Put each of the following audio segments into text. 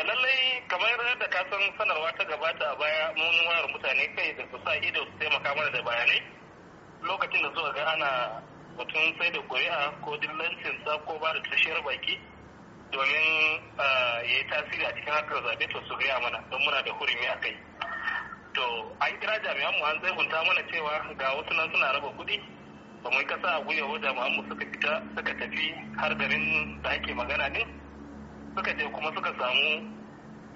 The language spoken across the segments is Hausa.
Eh, lallai kamar yadda ka san sanarwa ta gabata a baya mun wayar mutane kai da su ido su taimaka mana da bayanai lokacin da suka ga ana batun sai da ƙuri'a ko dillancin sa ko ba da tushiyar baki domin eh, ya yi tasiri a cikin harkar zaɓe to su gaya mana don muna da hurumi a kai to an kira jami'an mu an hunta mana cewa ga wasu nan suna raba kuɗi ba mu kasa a gwiwa wajen mu suka fita suka tafi har garin da ake magana din kuma suka samu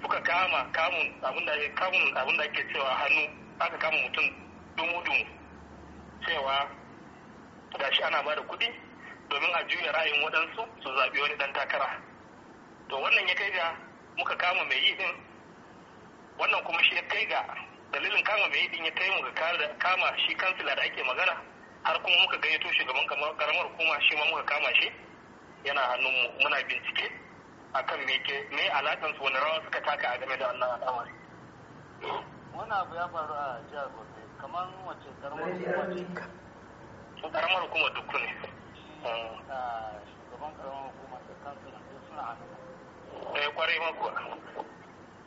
suka kama kamun abinda ake ake cewa hannu aka kama mutum dumu-dumu cewa shi ana ba da kuɗi domin a juya ra'ayin waɗansu su zaɓi wani ɗan takara to wannan ya kai ga muka kama mai yi din wannan kuma shi ya kai ga dalilin kama mai yi din ya kai mu kama shi kansila da ake magana har kuma muka gayyato shugaban karamar hukuma shi ma muka kama shi yana hannun muna bincike akan me ke me alakan su wani rawa suka taka a game da wannan al'amari wani abu ya faru a jihar Gombe kamar wace karamar hukuma ce karamar hukuma dukku ne shugaban karamar hukuma da kansu na suna hannu eh kwarai ma kuwa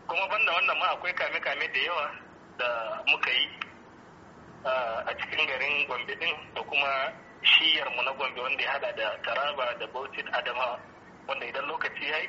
kuma banda wannan ma akwai kame-kame da yawa da muka yi a cikin garin Gombe din da kuma shiyar mu na Gombe wanda ya hada da Taraba da Bauchi Adamawa wanda idan lokaci ya yi